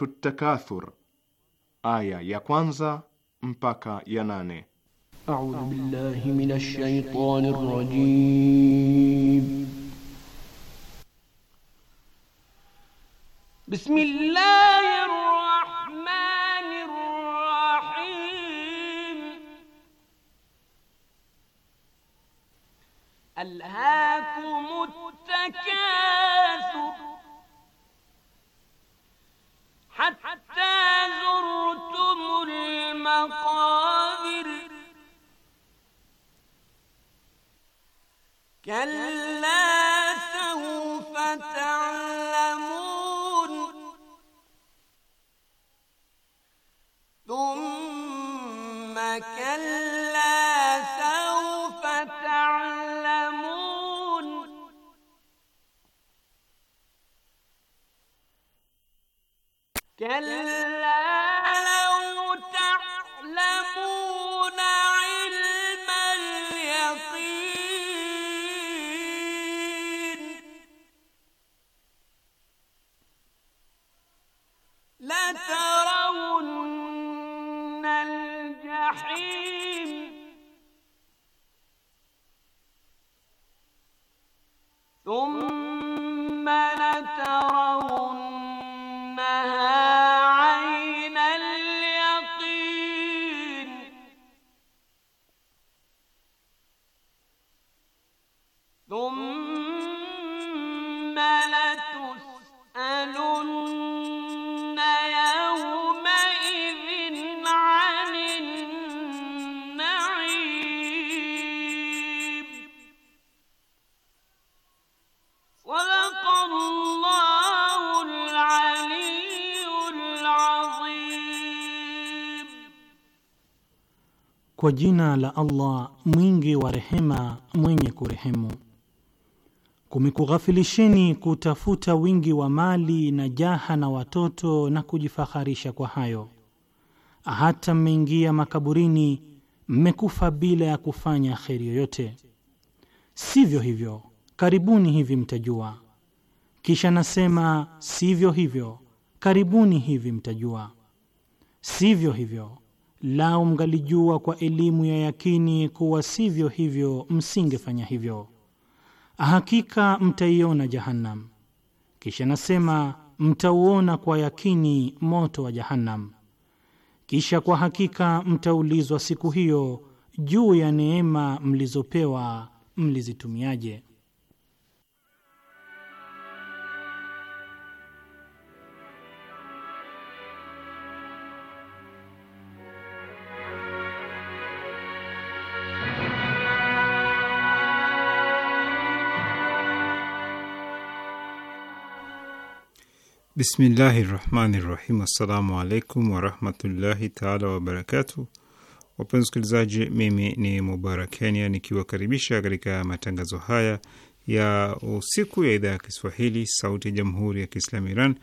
Suratu Takathur, aya ya kwanza mpaka ya nane. A'udhu billahi minash shaitani rajim. Bismillahir rahmanir rahim. Alhaakumut takasur حتى زرتم المقابر كلا سوف تعلمون ثم كلا Kwa jina la Allah mwingi wa rehema, mwenye kurehemu. Kumekughafilisheni kutafuta wingi wa mali na jaha na watoto na kujifaharisha kwa hayo, hata mmeingia makaburini mmekufa bila ya kufanya kheri yoyote. Sivyo hivyo, karibuni hivi mtajua. Kisha nasema sivyo hivyo, karibuni hivi mtajua. Sivyo hivyo Lau mgalijua kwa elimu ya yakini kuwa sivyo hivyo, msingefanya hivyo. Hakika mtaiona Jahannam. Kisha nasema mtauona kwa yakini moto wa Jahannam. Kisha kwa hakika mtaulizwa siku hiyo juu ya neema mlizopewa, mlizitumiaje? Bismillahi rahmani rahim. Assalamu alaikum warahmatullahi taala wabarakatu. Wapenzi wasikilizaji, mimi ni Mubarak Kenya nikiwakaribisha katika matangazo haya ya usiku ya idhaa ya Kiswahili sauti ya jamhuri ya Kiislamu Iran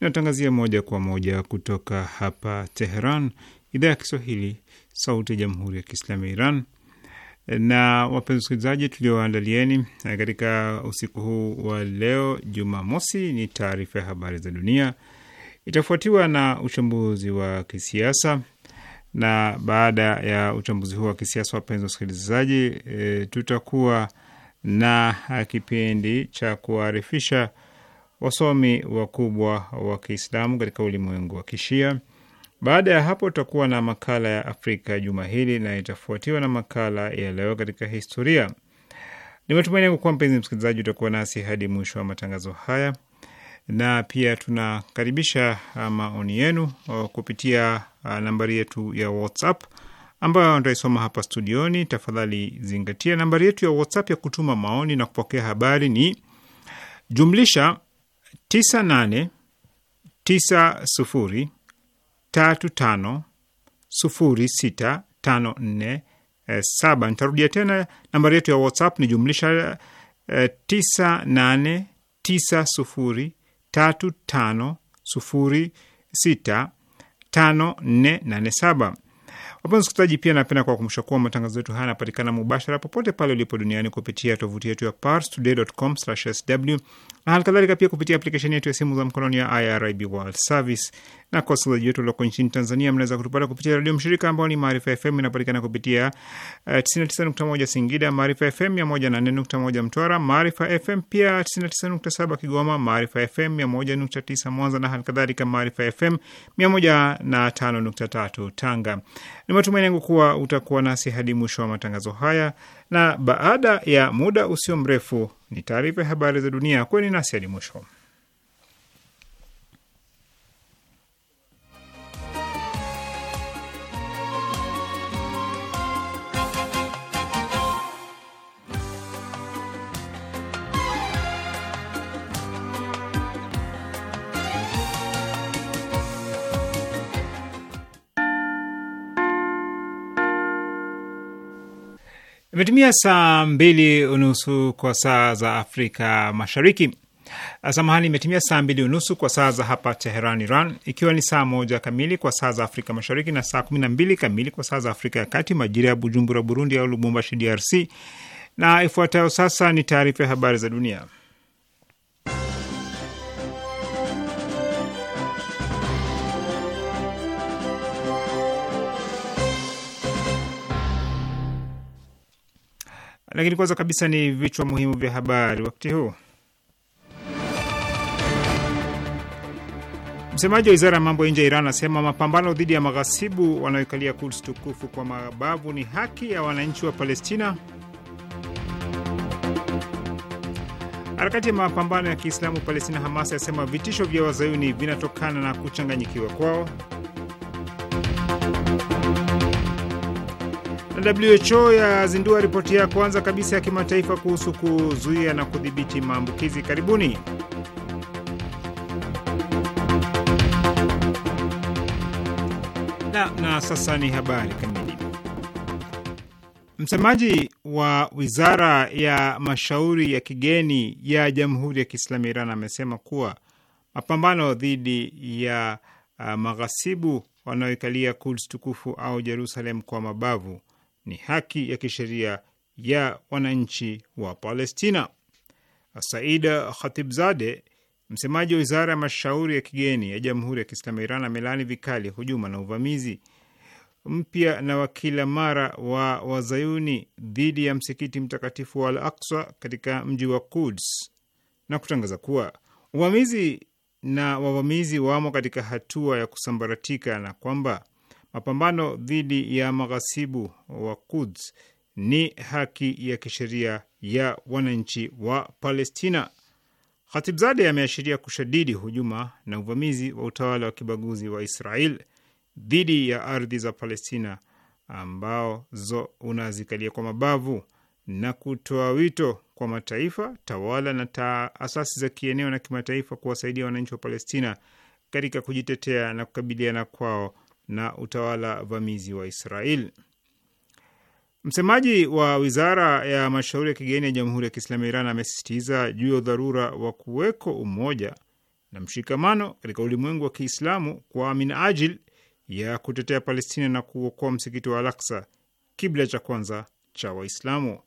inayotangazia moja kwa moja kutoka hapa Teheran, idhaa ya Kiswahili sauti ya jamhuri ya Kiislamu Iran na wapenzi wasikilizaji, tulioandalieni eh, katika usiku huu wa leo Jumamosi ni taarifa ya habari za dunia, itafuatiwa na uchambuzi wa kisiasa. Na baada ya uchambuzi huu wa kisiasa, wapenzi wasikilizaji, e, tutakuwa na eh, kipindi cha kuwaarifisha wasomi wakubwa wa Kiislamu katika ulimwengu wa Kishia baada ya hapo tutakuwa na makala ya Afrika juma hili na itafuatiwa na makala ya leo katika historia. Ni matumaini yangu kuwa mpenzi msikilizaji utakuwa nasi hadi mwisho wa matangazo haya, na pia tunakaribisha uh, maoni yenu uh, kupitia uh, nambari yetu ya WhatsApp ambayo nitaisoma hapa studioni. Tafadhali zingatia nambari yetu ya WhatsApp ya kutuma maoni na kupokea habari ni jumlisha 98 90 tatu tano sufuri sita tano nne eh, saba. Nitarudia tena nambari yetu ya WhatsApp ni jumlisha eh, tisa nane tisa sufuri tatu tano sufuri sita tano nne nane saba. Wapenzi wasikilizaji, pia napenda kuwakumbusha kuwa matangazo yetu haya yanapatikana mubashara popote pale ulipo duniani kupitia tovuti yetu ya parstoday.com/sw na halikadhalika pia kupitia aplikesheni yetu ya simu za mkononi ya IRIB World Service na kwa wasikilizaji wetu walioko nchini Tanzania, mnaweza kutupata kupitia redio mshirika ambao ni Maarifa FM, inapatikana kupitia 99.1 eh, Singida, Maarifa FM 104.1 Mtwara, Maarifa FM pia 99.7 Kigoma, Maarifa FM 101.9 Mwanza na halikadhalika Maarifa FM 105.3 Tanga. Ni matumaini yangu kuwa utakuwa nasi hadi mwisho wa matangazo haya, na baada ya muda usio mrefu ni taarifa ya habari za dunia. Kweni nasi hadi mwisho. Imetumia saa mbili unusu kwa saa za Afrika Mashariki. Ah, samahani, imetumia saa mbili unusu kwa saa za hapa Teheran, Iran, ikiwa ni saa moja kamili kwa saa za Afrika Mashariki na saa kumi na mbili kamili kwa saa za Afrika ya Kati, majira ya Bujumbura, Burundi, au Lubumbashi, DRC. Na ifuatayo sasa ni taarifa ya habari za dunia. Lakini kwanza kabisa ni vichwa muhimu vya habari wakati huu. Msemaji wa wizara ya mambo ya nje ya Iran anasema mapambano dhidi ya maghasibu wanaoikalia Quds tukufu kwa mabavu ni haki ya wananchi wa Palestina. Harakati ya mapambano ya Kiislamu Palestina Hamas yasema vitisho vya wazayuni vinatokana na kuchanganyikiwa kwao. WHO yazindua ripoti ya kwanza kabisa ya kimataifa kuhusu kuzuia na kudhibiti maambukizi. Karibuni. Na, na sasa ni habari kamili. Msemaji wa Wizara ya Mashauri ya Kigeni ya Jamhuri ya Kiislamu ya Iran amesema kuwa mapambano dhidi ya uh, maghasibu wanaoikalia Quds tukufu au Jerusalem kwa mabavu ni haki ya kisheria ya wananchi wa Palestina. Saida Khatibzade, msemaji wa wizara ya mashauri ya kigeni ya Jamhuri ya Kiislamu ya Iran, amelaani vikali hujuma na uvamizi mpya na wa kila mara wa wazayuni dhidi ya msikiti mtakatifu wa Al Aksa katika mji wa Kuds na kutangaza kuwa uvamizi na wavamizi wamo katika hatua ya kusambaratika na kwamba Mapambano dhidi ya maghasibu wa Quds ni haki ya kisheria ya wananchi wa Palestina. Khatibzade ameashiria kushadidi hujuma na uvamizi wa utawala wa kibaguzi wa Israel dhidi ya ardhi za Palestina ambazo unazikalia kwa mabavu na kutoa wito kwa mataifa, tawala na taasasi za kieneo na kimataifa kuwasaidia wananchi wa Palestina katika kujitetea na kukabiliana kwao na utawala vamizi wa Israel. Msemaji wa wizara ya mashauri ya kigeni ya Jamhuri ya Kiislamu ya Iran amesisitiza juu ya udharura wa kuweko umoja na mshikamano katika ulimwengu wa Kiislamu kwa ajil ya kutetea Palestina na kuokoa msikiti wa alaksa kibla cha kwanza cha Waislamu.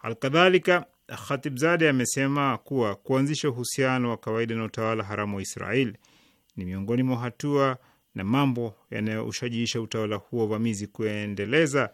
Alkadhalika, Khatibzade amesema kuwa kuanzisha uhusiano wa kawaida na utawala haramu wa Israel ni miongoni mwa hatua na mambo yanayoshajiisha utawala huo vamizi kuendeleza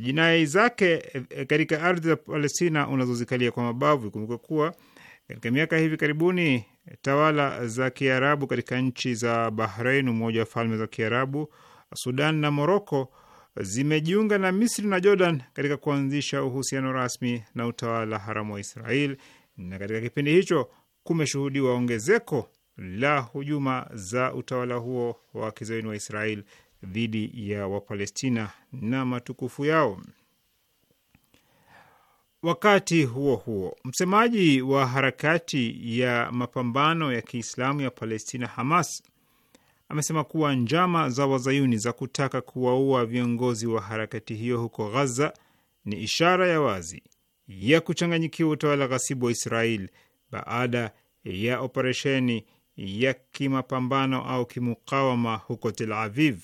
jinai zake e, katika ardhi za Palestina unazozikalia kwa mabavu. Ikumbuka kuwa e, katika miaka hivi karibuni tawala za Kiarabu katika nchi za Bahrain, Umoja wa Falme za Kiarabu, Sudan na Moroko zimejiunga na Misri na Jordan katika kuanzisha uhusiano rasmi na utawala haramu wa Israel, na katika kipindi hicho kumeshuhudiwa ongezeko la hujuma za utawala huo wa kizaini wa Israel dhidi ya Wapalestina na matukufu yao. Wakati huo huo, msemaji wa harakati ya mapambano ya Kiislamu ya Palestina, Hamas, amesema kuwa njama za wazayuni za kutaka kuwaua viongozi wa harakati hiyo huko Ghaza ni ishara ya wazi ya kuchanganyikiwa utawala ghasibu wa Israel baada ya operesheni ya kimapambano au kimukawama huko Tel Aviv.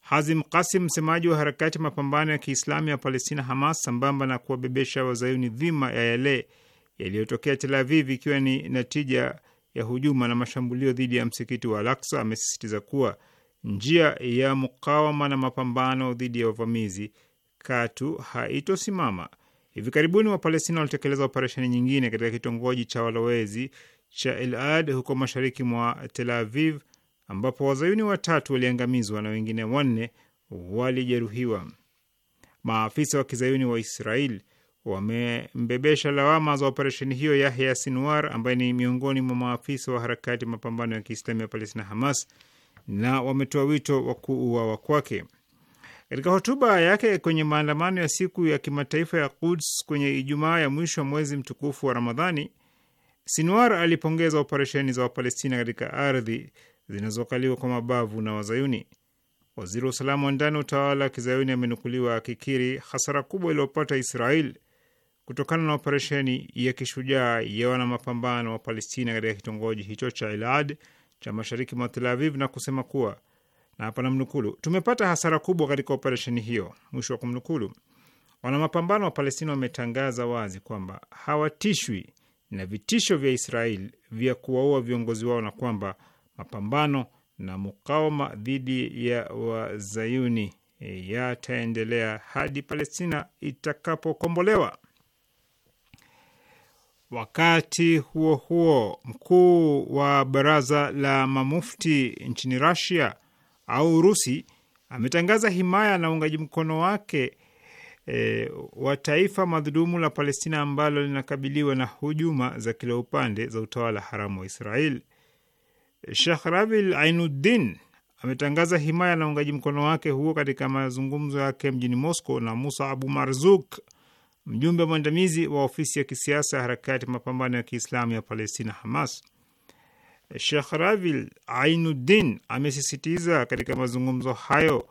Hazim Qasim, msemaji wa harakati mapambano ya Kiislamu ya Palestina, Hamas, sambamba na kuwabebesha wazayuni dhima ya yale yaliyotokea Tel Aviv, ikiwa ni natija ya hujuma na mashambulio dhidi ya msikiti wa Al-Aqsa, amesisitiza kuwa njia ya mukawama na mapambano dhidi ya uvamizi katu haitosimama. Hivi karibuni Wapalestina walitekeleza operesheni nyingine katika kitongoji cha walowezi cha Elad huko mashariki mwa Tel Aviv ambapo wazayuni watatu waliangamizwa na wengine wanne walijeruhiwa. Maafisa wa kizayuni wa Israel wamembebesha lawama za operesheni hiyo Yahya Sinwar ambaye ni miongoni mwa maafisa wa harakati mapambano ya Kiislamu ya Palestina, Hamas, na wametoa wito wa kuuawa kwake. Katika hotuba yake kwenye maandamano ya siku ya kimataifa ya Quds kwenye Ijumaa ya mwisho wa mwezi mtukufu wa Ramadhani, Sinwar alipongeza operesheni za Wapalestina katika ardhi zinazokaliwa kwa mabavu na Wazayuni. Waziri wa usalama wa ndani utawala wa kizayuni amenukuliwa akikiri hasara kubwa iliyopata Israel kutokana na operesheni ya kishujaa ya wanamapambano wa Palestina katika kitongoji hicho cha Elad cha mashariki mwa Tel Aviv na kusema kuwa, na hapa namnukulu, tumepata hasara kubwa katika operesheni hiyo, mwisho wa kumnukulu. Wanamapambano wa Palestina wametangaza wazi kwamba hawatishwi na vitisho vya Israel vya kuwaua viongozi wao na kwamba mapambano na mukawama dhidi ya wazayuni eh, yataendelea hadi Palestina itakapokombolewa. Wakati huo huo, mkuu wa baraza la mamufti nchini rasia au Urusi ametangaza himaya na uungaji mkono wake e, wa taifa madhulumu la Palestina ambalo linakabiliwa na hujuma za kila upande za utawala haramu wa Israel. shekh Rabil Ainuddin ametangaza himaya na uungaji mkono wake huo katika mazungumzo yake mjini Moscow na Musa Abu Marzuk, mjumbe mwandamizi wa ofisi ya kisiasa ya harakati mapambano ya Kiislamu ya Palestina, Hamas. shekh ravil Ainuddin amesisitiza katika mazungumzo hayo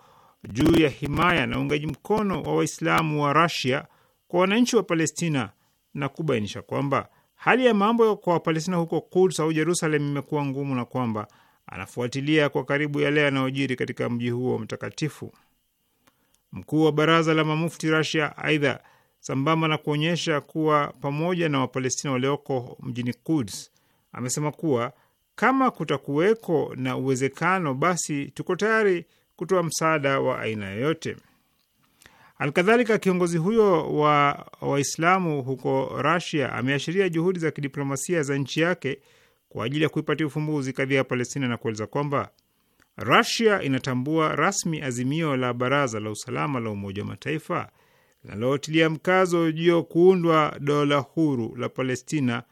juu ya himaya na uungaji mkono wa Waislamu wa Rasia kwa wananchi wa Palestina na kubainisha kwamba hali ya mambo kwa Wapalestina huko Kuds au Jerusalem imekuwa ngumu na kwamba anafuatilia kwa karibu yale yanayojiri katika mji huo mtakatifu. Mkuu wa baraza la mamufti Rasia, aidha, sambamba na kuonyesha kuwa pamoja na Wapalestina walioko mjini Kuds, amesema kuwa kama kutakuweko na uwezekano, basi tuko tayari kutoa msaada wa aina yoyote. Alkadhalika, kiongozi huyo wa Waislamu huko Rasia ameashiria juhudi za kidiplomasia za nchi yake kwa ajili ya kuipatia ufumbuzi kadhia ya Palestina na kueleza kwamba Rasia inatambua rasmi azimio la Baraza la Usalama la Umoja wa Mataifa linalotilia mkazo juu ya kuundwa dola huru la Palestina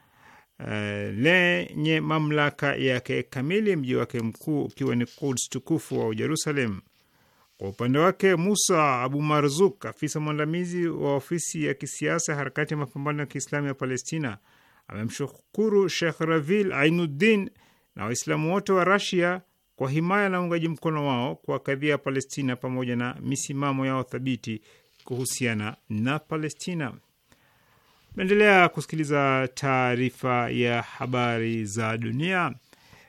Eh, lenye mamlaka yake kamili, mji wake mkuu ukiwa ni Quds tukufu wa Jerusalem. Kwa upande wake Musa Abu Marzuk, afisa mwandamizi wa ofisi ya kisiasa harakati ya mapambano ya Kiislamu ya Palestina, amemshukuru Shekh Ravil Ainuddin na Waislamu wote wa Rasia kwa himaya na uungaji mkono wao kwa kadhia ya Palestina pamoja na misimamo yao thabiti kuhusiana na Palestina. Naendelea kusikiliza taarifa ya habari za dunia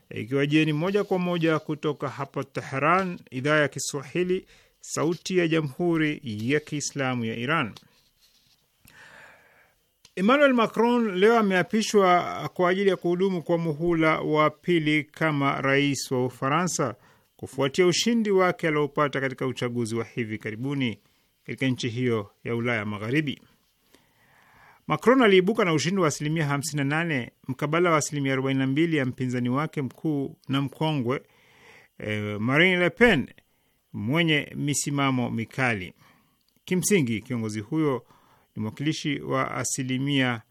ikiwa jieni moja kwa moja kutoka hapa Tehran, idhaa ya Kiswahili, sauti ya jamhuri ya kiislamu ya Iran. Emmanuel Macron leo ameapishwa kwa ajili ya kuhudumu kwa muhula wa pili kama rais wa Ufaransa kufuatia ushindi wake aliopata katika uchaguzi wa hivi karibuni katika nchi hiyo ya Ulaya Magharibi. Macron aliibuka na ushindi wa asilimia 58 mkabala wa asilimia 42 ya mpinzani wake mkuu na mkongwe eh, Marine Le Pen mwenye misimamo mikali. Kimsingi, kiongozi huyo ni mwakilishi wa asilimia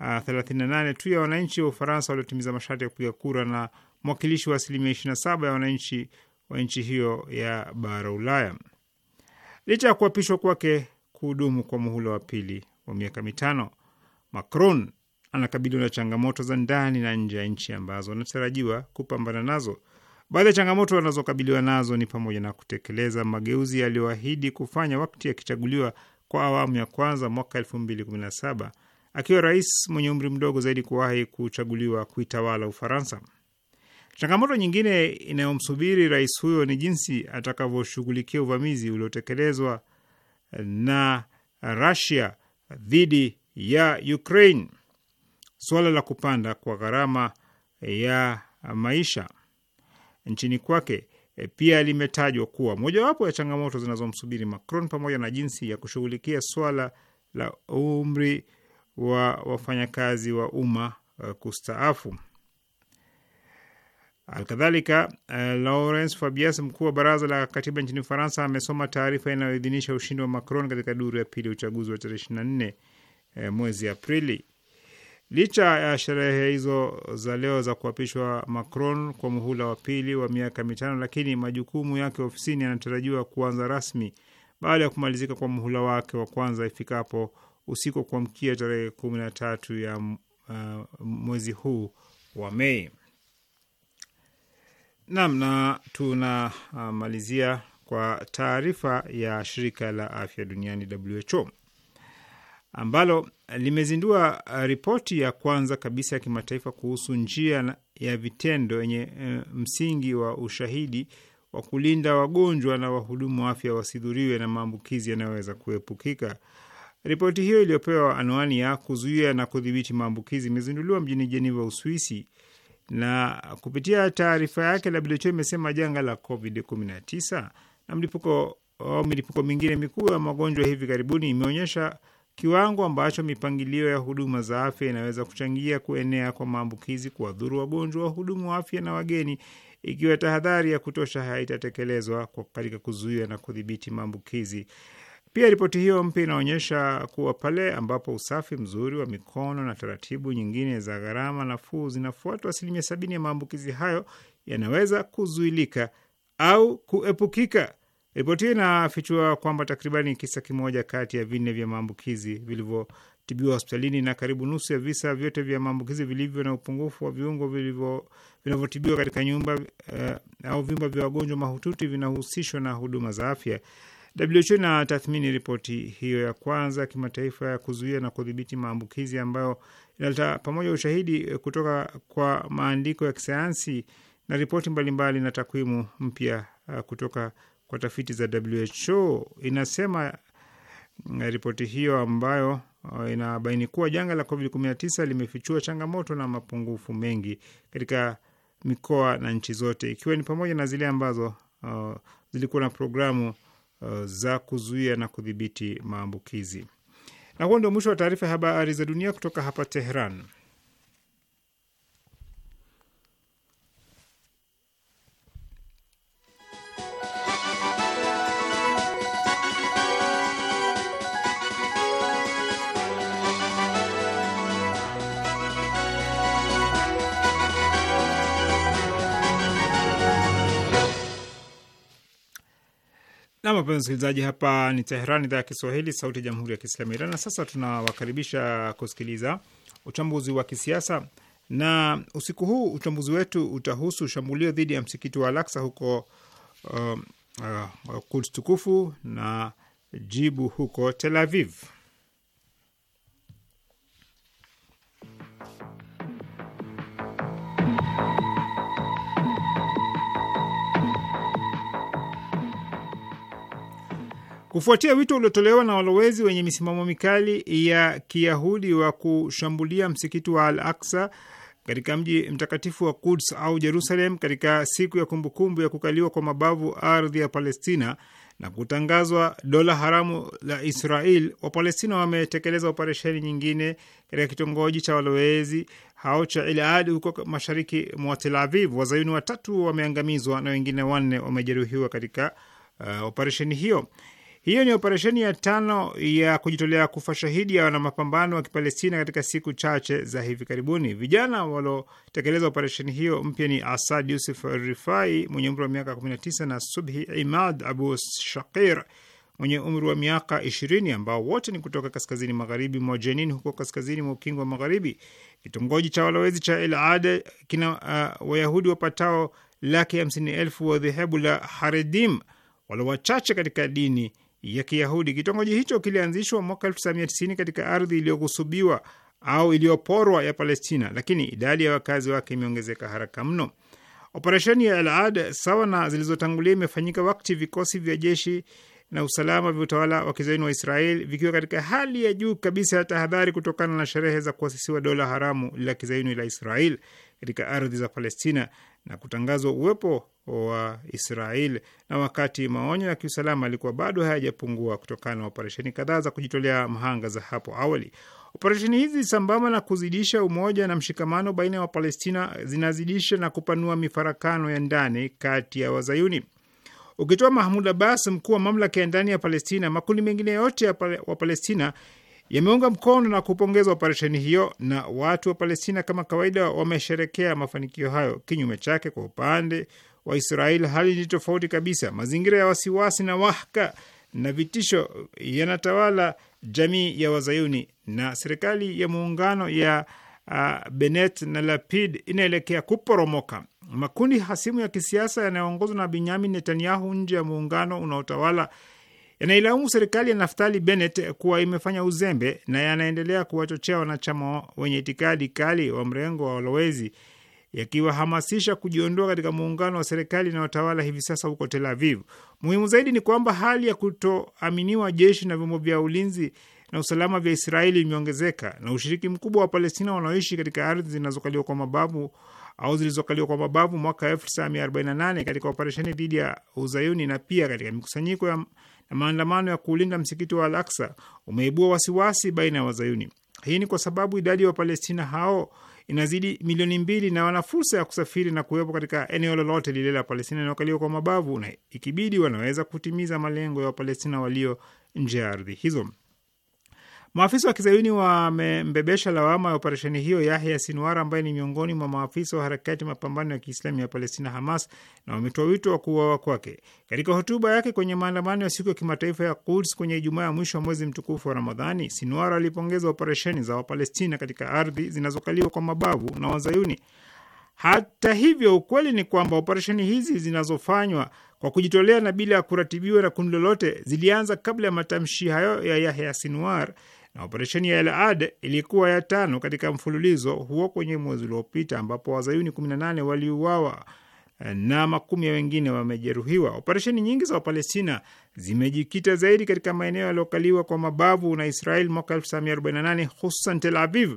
38 ah, tu ya wananchi wa Ufaransa waliotimiza masharti ya kupiga kura na mwakilishi wa asilimia 27 ya wananchi wa nchi hiyo ya bara Ulaya. Licha ya kuapishwa kwake kuhudumu kwa muhula wa pili wa miaka mitano, Macron anakabiliwa na changamoto za ndani na nje ya nchi ambazo anatarajiwa kupambana nazo. Baadhi ya changamoto anazokabiliwa nazo ni pamoja na kutekeleza mageuzi aliyoahidi kufanya wakati akichaguliwa kwa awamu ya kwanza mwaka 2017 akiwa rais mwenye umri mdogo zaidi kuwahi kuchaguliwa kuitawala Ufaransa. Changamoto nyingine inayomsubiri rais huyo ni jinsi atakavyoshughulikia uvamizi uliotekelezwa na Russia dhidi ya Ukraine, suala la kupanda kwa gharama ya maisha nchini kwake e, pia limetajwa kuwa mojawapo ya changamoto zinazomsubiri Macron pamoja na jinsi ya kushughulikia swala la umri wa wafanyakazi wa umma e, kustaafu. Alkadhalika, e, Lawrence Fabius, mkuu wa baraza la katiba nchini Ufaransa, amesoma taarifa inayoidhinisha ushindi wa Macron katika duru ya pili ya uchaguzi wa tarehe 24 Eh, mwezi Aprili. Licha ya sherehe hizo za leo za kuapishwa Macron kwa muhula wa pili wa miaka mitano, lakini majukumu yake ofisini yanatarajiwa kuanza rasmi baada ya kumalizika kwa muhula wake wa kwanza ifikapo usiku kuamkia tarehe kumi na tatu ya uh, mwezi huu wa Mei. Naam, na tunamalizia uh, kwa taarifa ya shirika la afya duniani WHO ambalo eh, limezindua eh, ripoti ya kwanza kabisa ya kimataifa kuhusu njia ya vitendo yenye eh, msingi wa ushahidi wa kulinda wagonjwa na wahudumu wa afya wasidhuriwe na maambukizi yanayoweza kuepukika. Ripoti hiyo iliyopewa anwani ya kuzuia na kudhibiti maambukizi imezinduliwa mjini Jeneva, Uswisi, na kupitia taarifa yake WHO imesema janga la COVID-19 na mlipuko au oh, milipuko mingine mikuu ya magonjwa hivi karibuni imeonyesha kiwango ambacho mipangilio ya huduma za afya inaweza kuchangia kuenea kwa maambukizi, kuwadhuru wagonjwa, wahudumu wa afya na wageni, ikiwa tahadhari ya kutosha haitatekelezwa katika kuzuia na kudhibiti maambukizi. Pia ripoti hiyo mpya inaonyesha kuwa pale ambapo usafi mzuri wa mikono na taratibu nyingine za gharama nafuu zinafuatwa, asilimia sabini ya maambukizi hayo yanaweza kuzuilika au kuepukika. Ripoti hii inafichua kwamba takribani kisa kimoja kati ya vinne vya maambukizi vilivyotibiwa hospitalini na karibu nusu ya visa vyote vya maambukizi vilivyo na upungufu wa viungo vinavyotibiwa katika nyumba uh, au vyumba vya wagonjwa mahututi vinahusishwa na huduma za afya. WHO tathmini ripoti hiyo ya kwanza kimataifa ya kuzuia na kudhibiti maambukizi ambayo inaleta pamoja ushahidi kutoka kwa maandiko ya kisayansi na ripoti mbalimbali na takwimu mpya eh, kutoka kwa tafiti za WHO inasema eh, ripoti hiyo ambayo eh, inabaini kuwa janga la COVID-19 limefichua changamoto na mapungufu mengi katika mikoa na nchi zote, ikiwa ni pamoja na zile ambazo uh, zilikuwa na programu uh, za kuzuia na kudhibiti maambukizi. Na huo ndio mwisho wa taarifa ya habari za dunia kutoka hapa Tehran. Nam, wapenzi msikilizaji, hapa ni Teheran, idhaa ya Kiswahili, sauti ya jamhuri ya kiislamu Iran. Na sasa tunawakaribisha kusikiliza uchambuzi wa kisiasa, na usiku huu uchambuzi wetu utahusu shambulio dhidi ya msikiti wa alaksa huko uh, uh, Quds tukufu na jibu huko Tel Aviv. Kufuatia wito uliotolewa na walowezi wenye misimamo mikali ya Kiyahudi wa kushambulia msikiti wa Al Aksa katika mji mtakatifu wa Kuds au Jerusalem katika siku ya kumbukumbu ya kukaliwa kwa mabavu ardhi ya Palestina na kutangazwa dola haramu la Israel, Wapalestina wametekeleza operesheni nyingine katika kitongoji cha walowezi hao cha ilad huko mashariki mwa Tel Aviv. Wazayuni watatu wameangamizwa na wengine wanne wamejeruhiwa katika uh, operesheni hiyo. Hiyo ni operesheni ya tano ya kujitolea kufa shahidi ya wanamapambano wa Kipalestina katika siku chache za hivi karibuni. Vijana waliotekeleza operesheni hiyo mpya ni Asad Yusuf Rifai mwenye umri wa miaka 19 na Subhi Imad Abu Shakir mwenye umri wa miaka 20 ambao wote ni kutoka kaskazini magharibi mwa Jenin huko kaskazini mwa ukingo wa magharibi. Kitongoji cha walowezi cha El Ade kina uh, Wayahudi wapatao laki hamsini elfu wa dhehebu la Haredim walio wachache katika dini ya Kiyahudi. Kitongoji hicho kilianzishwa mwaka 1990 katika ardhi iliyokusubiwa au iliyoporwa ya Palestina, lakini idadi ya wakazi wake imeongezeka haraka mno. Operesheni ya Al-Ad sawa na zilizotangulia imefanyika wakati vikosi vya jeshi na usalama vya utawala wa kizayuni wa Israel vikiwa katika hali ya juu kabisa ya tahadhari kutokana na sherehe za kuasisiwa dola haramu la kizayuni la Israel katika ardhi za Palestina na kutangazwa uwepo wa Israel na wakati maonyo ya kiusalama alikuwa bado hayajapungua kutokana na operesheni kadhaa za kujitolea mhanga za hapo awali. Operesheni hizi sambamba na kuzidisha umoja na mshikamano baina ya Wapalestina zinazidisha na kupanua mifarakano ya ndani kati ya Wazayuni. Ukitoa Mahmud Abbas, mkuu wa mamlaka ya ndani ya Palestina, makundi mengine yote ya Wapalestina yameunga mkono na kupongeza operesheni hiyo, na watu wa Palestina kama kawaida wamesherekea mafanikio hayo. Kinyume chake, kwa upande wa Israel hali ni tofauti kabisa. Mazingira ya wasiwasi na wahaka na vitisho yanatawala jamii ya Wazayuni na serikali ya muungano ya uh, Benet na Lapid inaelekea kuporomoka. Makundi hasimu ya kisiasa yanayoongozwa na Benyamin Netanyahu nje ya muungano unaotawala yanailaumu serikali ya Naftali Bennett kuwa imefanya uzembe na yanaendelea kuwachochea wanachama wenye itikadi kali wa mrengo wa walowezi yakiwahamasisha kujiondoa katika muungano wa serikali inayotawala hivi sasa huko Tel Aviv. Muhimu zaidi ni kwamba hali ya kutoaminiwa jeshi na vyombo vya ulinzi na usalama vya Israeli imeongezeka na ushiriki mkubwa wa Palestina wanaoishi katika ardhi zinazokaliwa kwa mabavu au zilizokaliwa kwa mabavu mwaka 1948 katika operesheni dhidi ya Uzayuni na pia katika mikusanyiko ya na maandamano ya kuulinda msikiti wa Al-Aqsa umeibua wasiwasi baina ya Wazayuni. Hii ni kwa sababu idadi ya wa Wapalestina hao inazidi milioni mbili na wana fursa ya kusafiri na kuwepo katika eneo lolote lile la Palestina inayokaliwa kwa mabavu, na ikibidi wanaweza kutimiza malengo ya Wapalestina walio nje ya ardhi hizo. Maafisa wa kizayuni wamembebesha lawama ya operesheni hiyo Yahya Sinwar, ambaye ni miongoni mwa maafisa wa harakati mapambano ya kiislamu ya Palestina, Hamas, na wametoa wito wa kuuawa kwake. Katika hotuba yake kwenye maandamano ya siku ya kimataifa ya Quds kwenye Ijumaa ya mwisho wa mwezi mtukufu wa Ramadhani, Sinwar alipongeza operesheni za Wapalestina katika ardhi zinazokaliwa kwa mabavu na Wazayuni. Hata hivyo, ukweli ni kwamba operesheni hizi zinazofanywa kwa kujitolea na bila ya kuratibiwa na kundi lolote zilianza kabla ya matamshi hayo ya Yahya Sinwar na operesheni ya Elad ilikuwa ya tano katika mfululizo huo kwenye mwezi uliopita, ambapo wazayuni 18 waliuawa eh, na makumi ya wengine wamejeruhiwa. Operesheni nyingi za Wapalestina zimejikita zaidi katika maeneo yaliyokaliwa kwa mabavu na Israel mwaka 1948 hususan Tel Aviv,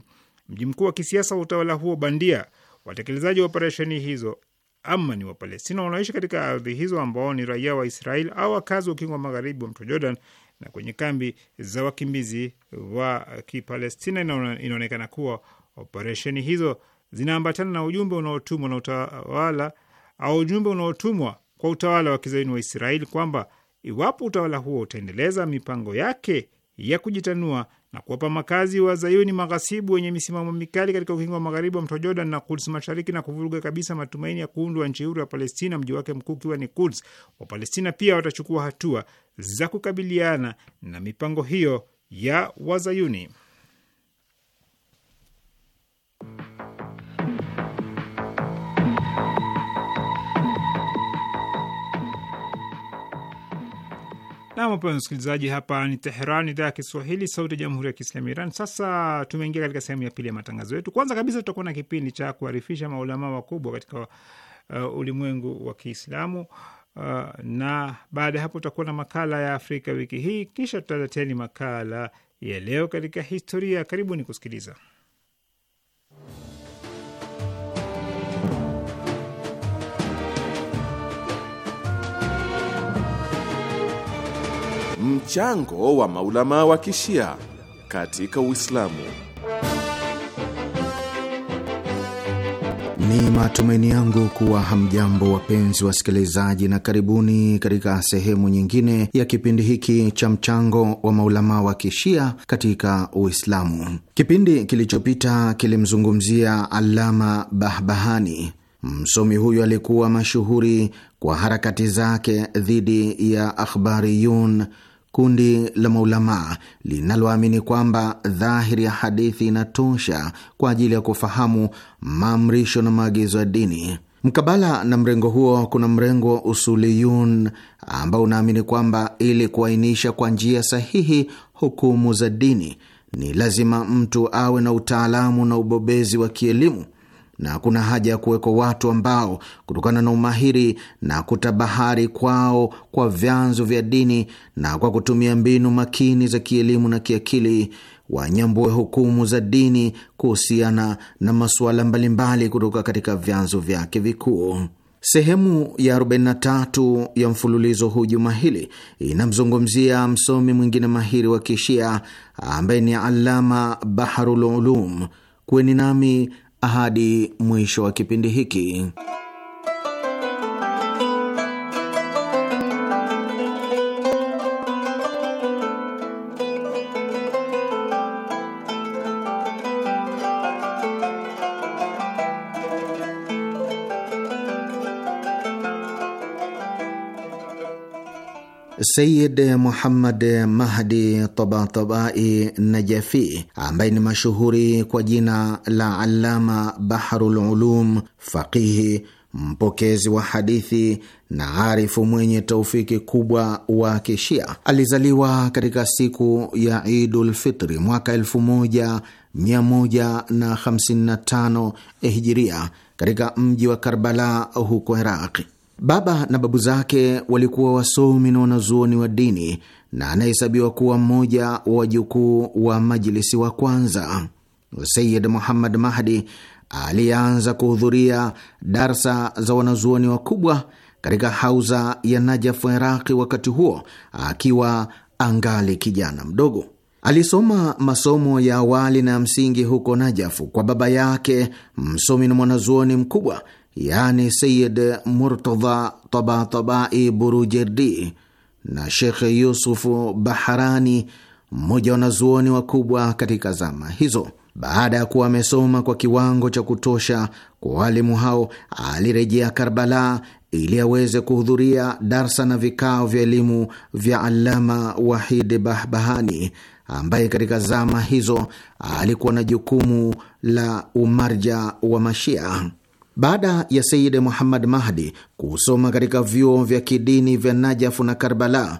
mji mkuu wa kisiasa wa utawala huo bandia. Watekelezaji wa operesheni hizo ama ni Wapalestina wanaoishi katika ardhi hizo ambao ni raia wa Israel au wakazi wa ukingo wa magharibi wa mto Jordan na kwenye kambi za wakimbizi wa Kipalestina. Inaonekana kuwa operesheni hizo zinaambatana na ujumbe unaotumwa na utawala au ujumbe unaotumwa kwa utawala wa kizaini wa Israeli kwamba iwapo utawala huo utaendeleza mipango yake ya kujitanua na kuwapa makazi wa zayuni maghasibu wenye misimamo mikali katika ukingo wa magharibi wa mto Jordan na Kuds mashariki na kuvuruga kabisa matumaini ya kuundwa nchi huru ya Palestina, mji wake mkuu ukiwa ni Kuds, Wapalestina pia watachukua hatua za kukabiliana na mipango hiyo ya Wazayuni. Nam, wapenzi msikilizaji, hapa ni Teheran, idhaa ya Kiswahili, sauti ya jamhuri ya kiislamu ya Iran. Sasa tumeingia katika sehemu ya pili ya matangazo yetu. Kwanza kabisa, tutakuwa na kipindi cha kuharifisha maulamaa wakubwa katika uh, ulimwengu wa Kiislamu. Uh, na baada ya hapo tutakuwa na makala ya Afrika wiki hii, kisha tutaleteni makala ya leo katika historia. Karibuni kusikiliza. Mchango wa maulama wa kishia katika Uislamu. Ni matumaini yangu kuwa hamjambo wapenzi wasikilizaji, na karibuni katika sehemu nyingine ya kipindi hiki cha mchango wa maulama wa kishia katika Uislamu. Kipindi kilichopita kilimzungumzia Alama Bahbahani. Msomi huyu alikuwa mashuhuri kwa harakati zake dhidi ya Akhbariyun kundi la maulamaa linaloamini kwamba dhahiri ya hadithi inatosha kwa ajili ya kufahamu maamrisho na maagizo ya dini. Mkabala na mrengo huo, kuna mrengo wa usuliyun ambao unaamini kwamba ili kuainisha kwa njia sahihi hukumu za dini ni lazima mtu awe na utaalamu na ubobezi wa kielimu na hakuna haja ya kuwekwa watu ambao kutokana na umahiri na kutabahari kwao kwa vyanzo vya dini na kwa kutumia mbinu makini za kielimu na kiakili wanyambue hukumu za dini kuhusiana na masuala mbalimbali kutoka katika vyanzo vyake vikuu. Sehemu ya 43 ya mfululizo huu juma hili inamzungumzia msomi mwingine mahiri wa Kishia ambaye ni Alama baharululum Kweni nami hadi mwisho wa kipindi hiki. Sayid Muhammad Mahdi Tabatabai Najafi, ambaye ni mashuhuri kwa jina la Alama Baharul Ulum, faqihi mpokezi wa hadithi na arifu mwenye taufiki kubwa wa Kishia alizaliwa katika siku ya idulfitri mwaka 1155 Hijiria katika mji wa Karbala huko Iraqi. Baba na babu zake walikuwa wasomi na wanazuoni wa dini na anahesabiwa kuwa mmoja wa wajukuu wa Majilisi wa kwanza. Sayid Muhammad Mahdi alianza kuhudhuria darsa za wanazuoni wakubwa katika hauza ya Najafu, Iraqi, wakati huo akiwa angali kijana mdogo. Alisoma masomo ya awali na ya msingi huko Najafu kwa baba yake, msomi na mwanazuoni mkubwa yaani Sayid Murtadha Tabatabai Burujerdi na Shekhe Yusufu Baharani, mmoja wa wanazuoni wakubwa katika zama hizo. Baada ya kuwa amesoma kwa kiwango cha kutosha kwa walimu hao, alirejea Karbala ili aweze kuhudhuria darsa na vikao vya elimu vya Alama Wahid Bahbahani ambaye katika zama hizo alikuwa na jukumu la umarja wa Mashia. Baada ya Sayid Muhammad Mahdi kusoma katika vyuo vya kidini vya Najafu na Karbala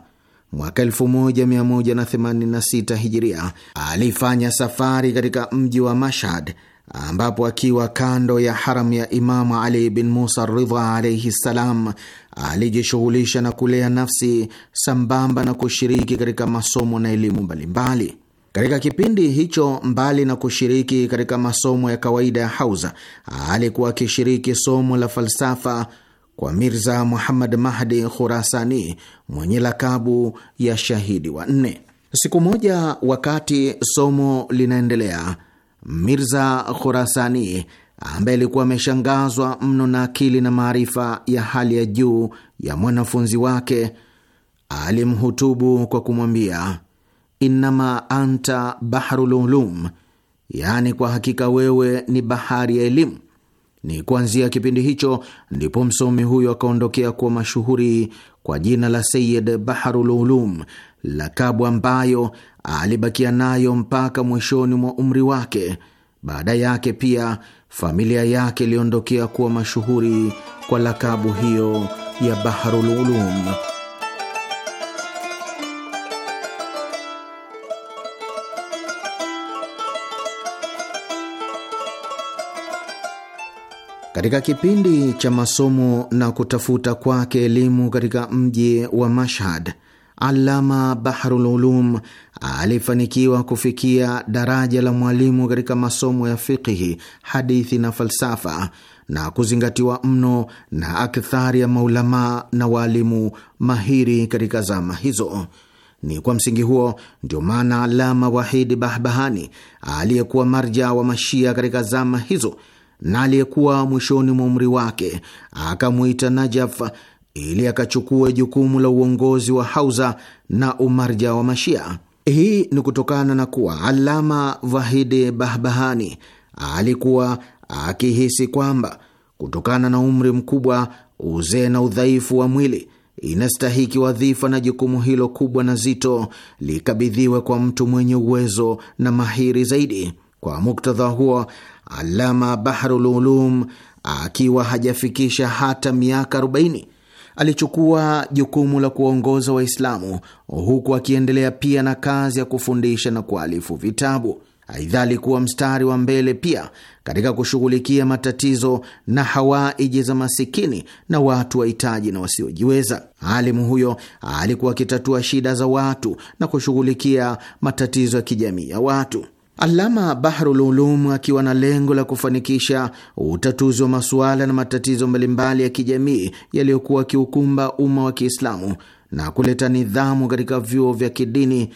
mwaka 1186 Hijiria, alifanya safari katika mji wa Mashhad ambapo akiwa kando ya haramu ya Imamu Ali bin Musa Ridha alaihi ssalam, alijishughulisha na kulea nafsi sambamba na kushiriki katika masomo na elimu mbalimbali. Katika kipindi hicho, mbali na kushiriki katika masomo ya kawaida ya hauza, alikuwa akishiriki somo la falsafa kwa Mirza Muhammad Mahdi Khurasani mwenye lakabu ya Shahidi wa Nne. Siku moja, wakati somo linaendelea, Mirza Khurasani ambaye alikuwa ameshangazwa mno na akili na maarifa ya hali ya juu ya mwanafunzi wake alimhutubu kwa kumwambia innama anta bahrul ulum, yaani kwa hakika wewe ni bahari ya elimu. Ni kuanzia kipindi hicho ndipo msomi huyo akaondokea kuwa mashuhuri kwa jina la Sayid Baharul Ulum, lakabu ambayo alibakia nayo mpaka mwishoni mwa umri wake. Baada yake pia familia yake iliondokea kuwa mashuhuri kwa lakabu hiyo ya Baharul Ulum. Katika kipindi cha masomo na kutafuta kwake elimu katika mji wa Mashhad, Alama Bahrul Ulum alifanikiwa kufikia daraja la mwalimu katika masomo ya fiqhi, hadithi na falsafa na kuzingatiwa mno na akthari ya maulamaa na waalimu mahiri katika zama hizo. Ni kwa msingi huo ndio maana Alama Wahidi Bahbahani aliyekuwa marja wa Mashia katika zama hizo na aliyekuwa mwishoni mwa umri wake akamwita Najaf ili akachukua jukumu la uongozi wa hauza na umarja wa Mashia. Hii ni kutokana na kuwa Alama Vahidi Bahbahani alikuwa akihisi kwamba kutokana na umri mkubwa, uzee na udhaifu wa mwili inastahiki wadhifa na jukumu hilo kubwa na zito likabidhiwe kwa mtu mwenye uwezo na mahiri zaidi. Kwa muktadha huo, Alama Bahrul Ulum akiwa hajafikisha hata miaka 40 alichukua jukumu la kuwaongoza Waislamu huku akiendelea pia na kazi ya kufundisha na kualifu vitabu. Aidha, alikuwa mstari wa mbele pia katika kushughulikia matatizo na hawaiji za masikini na watu wahitaji na wasiojiweza. Alimu huyo alikuwa akitatua shida za watu na kushughulikia matatizo ya kijamii ya watu alama Bahrul Ulum akiwa na lengo la kufanikisha utatuzi wa masuala na matatizo mbalimbali ya kijamii yaliyokuwa akiukumba umma wa Kiislamu na kuleta nidhamu katika vyuo vya kidini,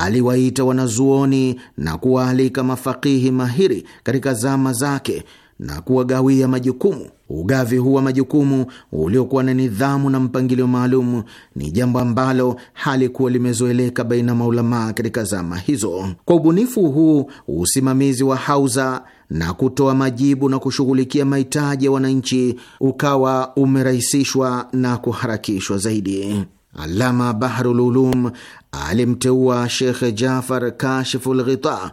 aliwaita wanazuoni na kuwaalika mafakihi mahiri katika zama zake na kuwagawia majukumu. Ugavi huu wa majukumu uliokuwa na nidhamu na mpangilio maalum ni jambo ambalo halikuwa limezoeleka baina ya maulamaa katika zama hizo. Kwa ubunifu huu, usimamizi wa hauza na kutoa majibu na kushughulikia mahitaji ya wananchi ukawa umerahisishwa na kuharakishwa zaidi. Alama Bahrul Ulum alimteua Shekh Jafar Kashiful Ghita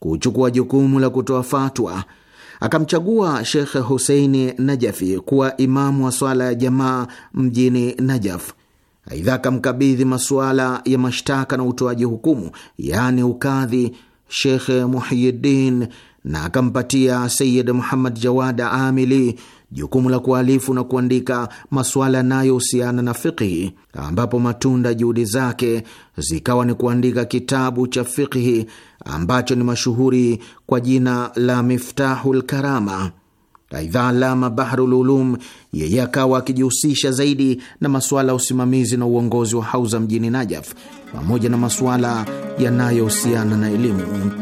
kuchukua jukumu la kutoa fatwa Akamchagua Shekh Huseini Najafi kuwa imamu wa swala ya jamaa mjini Najaf. Aidha, akamkabidhi masuala ya mashtaka na utoaji hukumu, yaani ukadhi, Shekhe Muhyiddin na akampatia Sayid Muhammad Jawad Amili jukumu la kualifu na kuandika masuala yanayohusiana na fikhi ambapo matunda juhudi zake zikawa ni kuandika kitabu cha fikhi ambacho ni mashuhuri kwa jina la Miftahul Karama. Aidha, Alama Bahrul Ulum yeye akawa akijihusisha zaidi na masuala ya usimamizi na uongozi wa hauza mjini Najaf, pamoja na masuala yanayohusiana na elimu.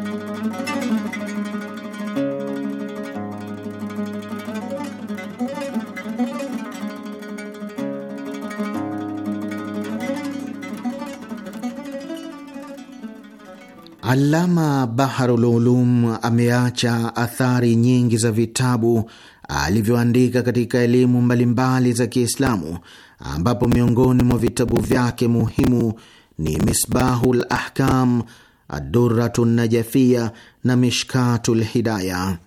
Allama Baharul Ulum ameacha athari nyingi za vitabu alivyoandika katika elimu mbalimbali za Kiislamu, ambapo miongoni mwa vitabu vyake muhimu ni misbahu Ahkam, Adurratu Najafia na Mishkatu Lhidaya.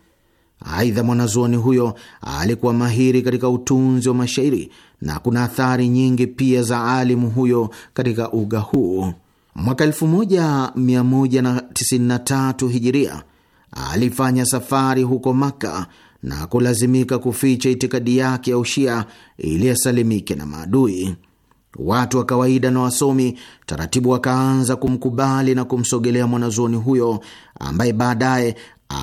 Aidha, mwanazuoni huyo alikuwa mahiri katika utunzi wa mashairi na kuna athari nyingi pia za alimu huyo katika uga huu. Mwaka 1193 hijiria alifanya safari huko Maka na kulazimika kuficha itikadi yake ya ushia ili asalimike na maadui. Watu wa kawaida na wasomi taratibu wakaanza kumkubali na kumsogelea mwanazuoni huyo ambaye baadaye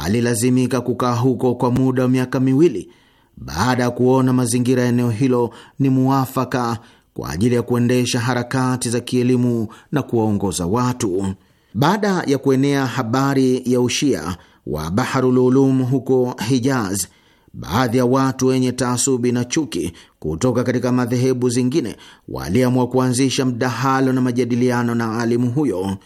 alilazimika kukaa huko kwa muda wa miaka miwili baada ya kuona mazingira ya eneo hilo ni muafaka kwa ajili ya kuendesha harakati za kielimu na kuwaongoza watu. Baada ya kuenea habari ya ushia wa Baharul Ulum huko Hijaz, baadhi ya watu wenye taasubi na chuki kutoka katika madhehebu zingine waliamua kuanzisha mdahalo na majadiliano na alimu huyo.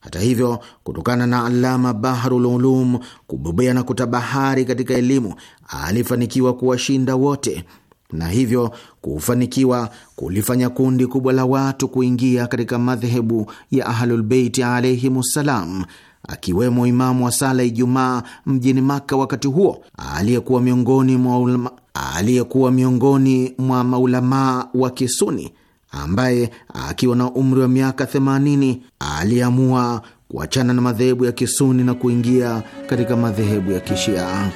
Hata hivyo, kutokana na Alama Baharul Ulum kubobea na kutabahari katika elimu, alifanikiwa kuwashinda wote na hivyo kufanikiwa kulifanya kundi kubwa la watu kuingia katika madhehebu ya Ahlulbeiti alaihimussalam, akiwemo imamu wa sala Ijumaa mjini Maka wakati huo aliyekuwa miongoni mwa ulama, aliyekuwa miongoni mwa maulamaa wa Kisuni ambaye akiwa na umri wa miaka 80 aliamua kuachana na madhehebu ya Kisuni na kuingia katika madhehebu ya Kishia.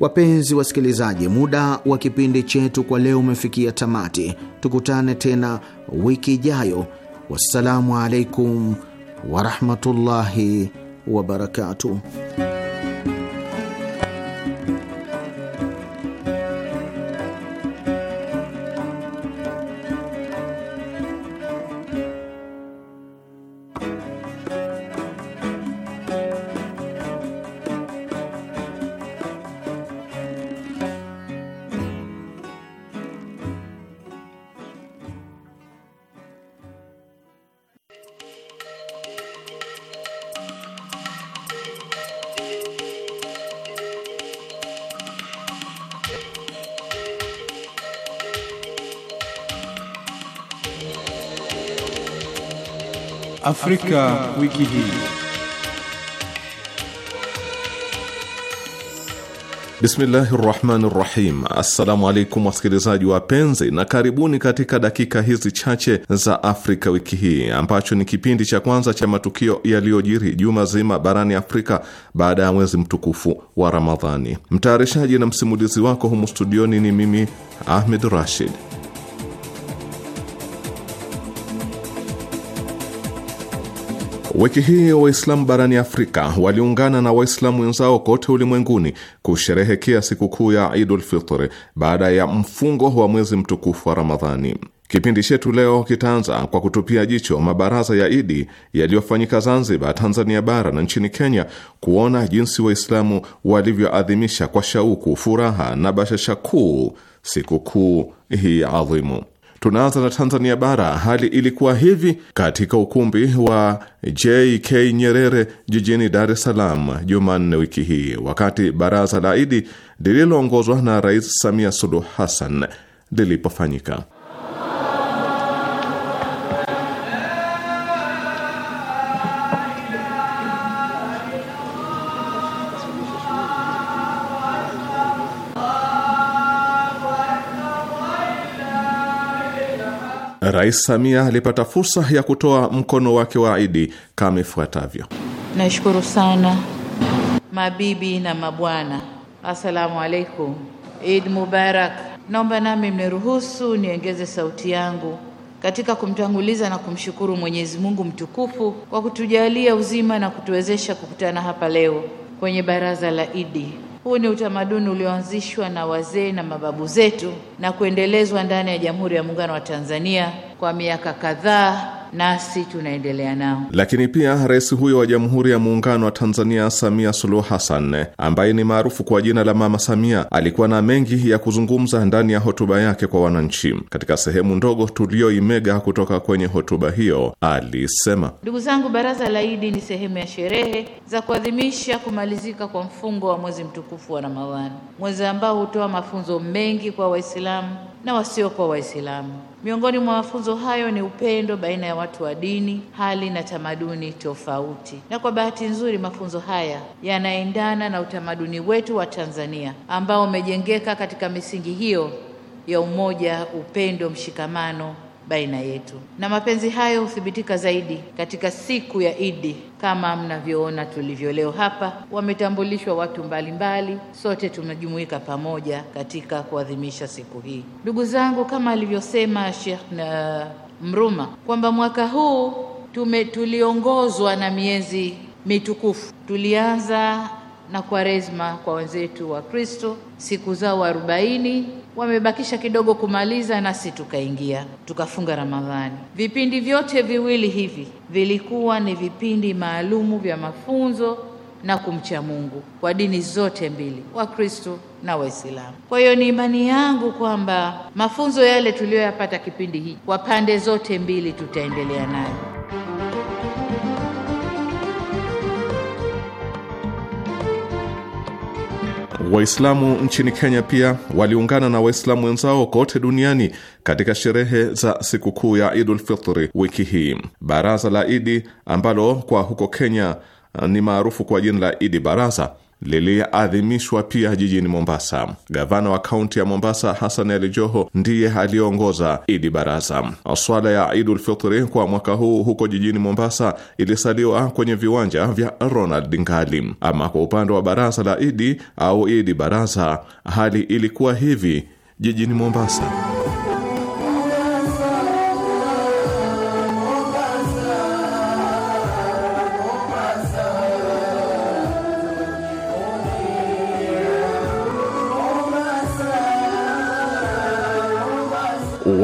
Wapenzi wasikilizaji, muda wa kipindi chetu kwa leo umefikia tamati. Tukutane tena wiki ijayo. Wassalamu alaikum warahmatullahi wabarakatuh. Afrika, wiki hii. Bismillahi rahmani rahim. Assalamu alaikum wasikilizaji wapenzi, na karibuni katika dakika hizi chache za Afrika wiki hii, ambacho ni kipindi cha kwanza cha matukio yaliyojiri juma zima barani Afrika baada ya mwezi mtukufu wa Ramadhani. Mtayarishaji na msimulizi wako humu studioni ni mimi Ahmed Rashid. Wiki hii Waislamu barani Afrika waliungana na Waislamu wenzao kote ulimwenguni kusherehekea sikukuu ya Idul Fitri baada ya mfungo wa mwezi mtukufu wa Ramadhani. Kipindi chetu leo kitaanza kwa kutupia jicho mabaraza ya Idi yaliyofanyika Zanzibar, Tanzania bara na nchini Kenya, kuona jinsi Waislamu walivyoadhimisha kwa shauku, furaha na bashasha kuu sikukuu hii adhimu. Tunaanza na Tanzania bara. Hali ilikuwa hivi katika ukumbi wa JK Nyerere jijini Dar es Salaam Jumanne wiki hii, wakati baraza la Idi lililoongozwa na Rais Samia Suluhu Hassan lilipofanyika. Rais Samia alipata fursa ya kutoa mkono wake wa aidi kama ifuatavyo: nashukuru sana mabibi na mabwana, assalamu alaikum, id Mubarak. Naomba nami mniruhusu niongeze sauti yangu katika kumtanguliza na kumshukuru Mwenyezi Mungu mtukufu kwa kutujalia uzima na kutuwezesha kukutana hapa leo kwenye baraza la Idi. Huu ni utamaduni ulioanzishwa na wazee na mababu zetu na kuendelezwa ndani ya Jamhuri ya Muungano wa Tanzania kwa miaka kadhaa nasi tunaendelea nao. Lakini pia rais huyo wa Jamhuri ya Muungano wa Tanzania, Samia Suluhu Hassan, ambaye ni maarufu kwa jina la Mama Samia, alikuwa na mengi ya kuzungumza ndani ya hotuba yake kwa wananchi. Katika sehemu ndogo tuliyoimega kutoka kwenye hotuba hiyo, alisema: ndugu zangu, baraza la Idi ni sehemu ya sherehe za kuadhimisha kumalizika kwa mfungo wa mwezi mtukufu wa Ramadhani, mwezi ambao hutoa mafunzo mengi kwa Waislamu na wasiokuwa Waislamu Miongoni mwa mafunzo hayo ni upendo baina ya watu wa dini, hali na tamaduni tofauti. Na kwa bahati nzuri mafunzo haya yanaendana na utamaduni wetu wa Tanzania ambao umejengeka katika misingi hiyo ya umoja, upendo, mshikamano baina yetu, na mapenzi hayo huthibitika zaidi katika siku ya Idi kama mnavyoona tulivyo leo hapa. Wametambulishwa watu mbalimbali mbali, sote tumejumuika pamoja katika kuadhimisha siku hii. Ndugu zangu, kama alivyosema Sheikh Mruma kwamba mwaka huu tume tuliongozwa na miezi mitukufu. Tulianza na Kwaresma kwa wenzetu wa Kristo, siku zao arobaini wamebakisha kidogo kumaliza, nasi tukaingia tukafunga Ramadhani. Vipindi vyote viwili hivi vilikuwa ni vipindi maalumu vya mafunzo na kumcha Mungu kwa dini zote mbili, Wakristo na Waislamu. Kwa hiyo ni imani yangu kwamba mafunzo yale tuliyoyapata kipindi hiki kwa pande zote mbili tutaendelea nayo. Waislamu nchini Kenya pia waliungana na Waislamu wenzao kote duniani katika sherehe za sikukuu ya Idul Fitri wiki hii. Baraza la Idi ambalo kwa huko Kenya ni maarufu kwa jina la Idi Baraza liliadhimishwa pia jijini Mombasa. Gavana wa kaunti ya Mombasa Hassan Ali Joho ndiye aliyeongoza idi baraza. Swala ya Idul Fitri kwa mwaka huu huko jijini Mombasa ilisaliwa kwenye viwanja vya Ronald Ngali. Ama kwa upande wa baraza la idi au idi baraza, hali ilikuwa hivi jijini Mombasa.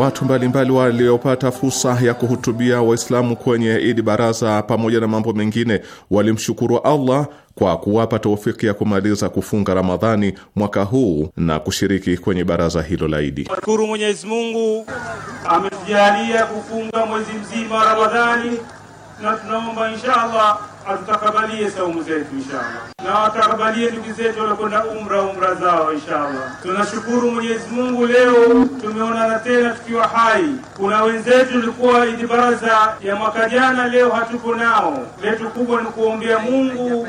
watu mbalimbali waliopata fursa ya kuhutubia Waislamu kwenye Idi Baraza pamoja na mambo mengine walimshukuru Allah kwa kuwapa taufiki ya kumaliza kufunga Ramadhani mwaka huu na kushiriki kwenye baraza hilo la Idi. Shukuru Mwenyezi Mungu ametujalia kufunga mwezi mzima Ramadhani, na tunaomba inshallah atutakabalie saumu zetu inshallah, na watakabalie ndugu zetu walokwenda umra umra zao inshaallah Tunashukuru Mwenyezi Mungu, leo tumeonana tena tukiwa hai. Kuna wenzetu tulikuwa Idi Baraza ya mwaka jana, leo hatupo nao. Letu kubwa ni kuombea Mungu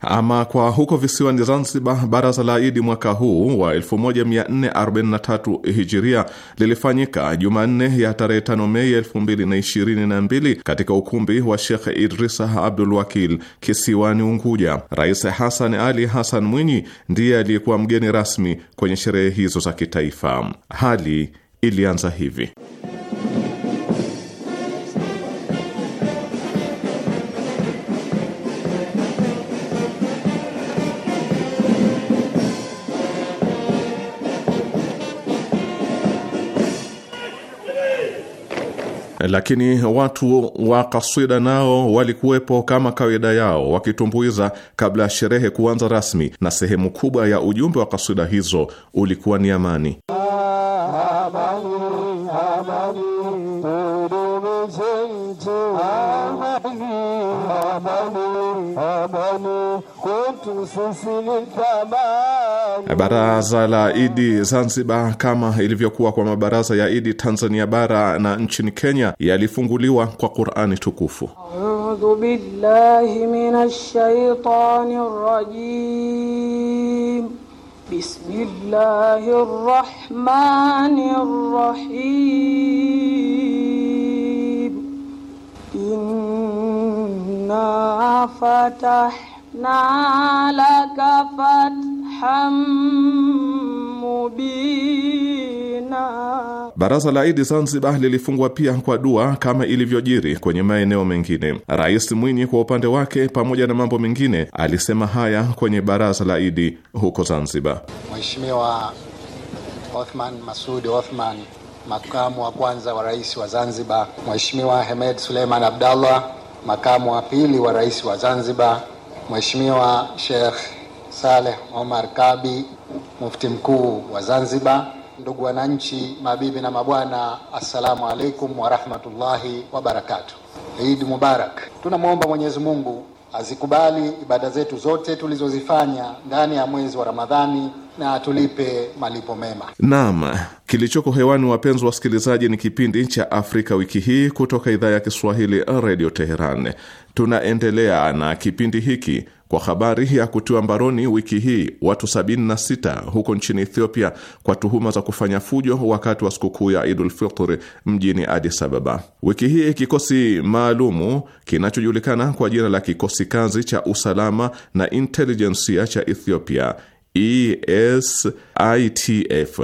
ama kwa huko visiwani Zanzibar, baraza la Idi mwaka huu wa 1443 hijiria lilifanyika Jumanne ya tarehe 5 Mei 2022 katika ukumbi wa Shekh Idrisa Abdul Wakil kisiwani Unguja. Rais Hasan Ali Hasan Mwinyi ndiye aliyekuwa mgeni rasmi kwenye sherehe hizo za kitaifa. Hali ilianza hivi. lakini watu wa kaswida nao walikuwepo kama kawaida yao wakitumbuiza kabla ya sherehe kuanza rasmi, na sehemu kubwa ya ujumbe wa kaswida hizo ulikuwa ni amani. amani, amani, amani. Eh, Baraza la Idi Zanzibar kama ilivyokuwa kwa mabaraza ya Idi Tanzania bara na nchini Kenya yalifunguliwa kwa Qur'ani tukufu. A'udhu billahi minash rajim. rahim. Inna na laka fatham Mubina. Baraza la Idi Zanzibar lilifungwa pia kwa dua kama ilivyojiri kwenye maeneo mengine. Rais Mwinyi kwa upande wake, pamoja na mambo mengine, alisema haya kwenye baraza la Idi huko Zanzibar. Mheshimiwa Othman Masud Othman, makamu wa kwanza wa rais wa Zanzibar, Mheshimiwa Hemed Suleiman Abdallah, makamu wa pili wa rais wa Zanzibar Mheshimiwa Sheikh Saleh Omar Kabi, Mufti Mkuu wa Zanzibar, ndugu wananchi, mabibi na mabwana, assalamu alaikum wa rahmatullahi wa barakatuh. Eid Mubarak. Tunamwomba Mwenyezi Mungu azikubali ibada zetu zote tulizozifanya ndani ya mwezi wa Ramadhani na atulipe malipo mema. Naam, kilichoko hewani, wapenzi wasikilizaji, ni kipindi cha Afrika wiki hii kutoka idhaa ya Kiswahili, Radio Teheran. Tunaendelea na kipindi hiki kwa habari ya kutiwa mbaroni wiki hii watu 76 huko nchini Ethiopia kwa tuhuma za kufanya fujo wakati wa sikukuu ya Idul Fitr mjini Addis Ababa. Wiki hii kikosi maalumu kinachojulikana kwa jina la kikosi kazi cha usalama na intelijensia cha Ethiopia ES ITF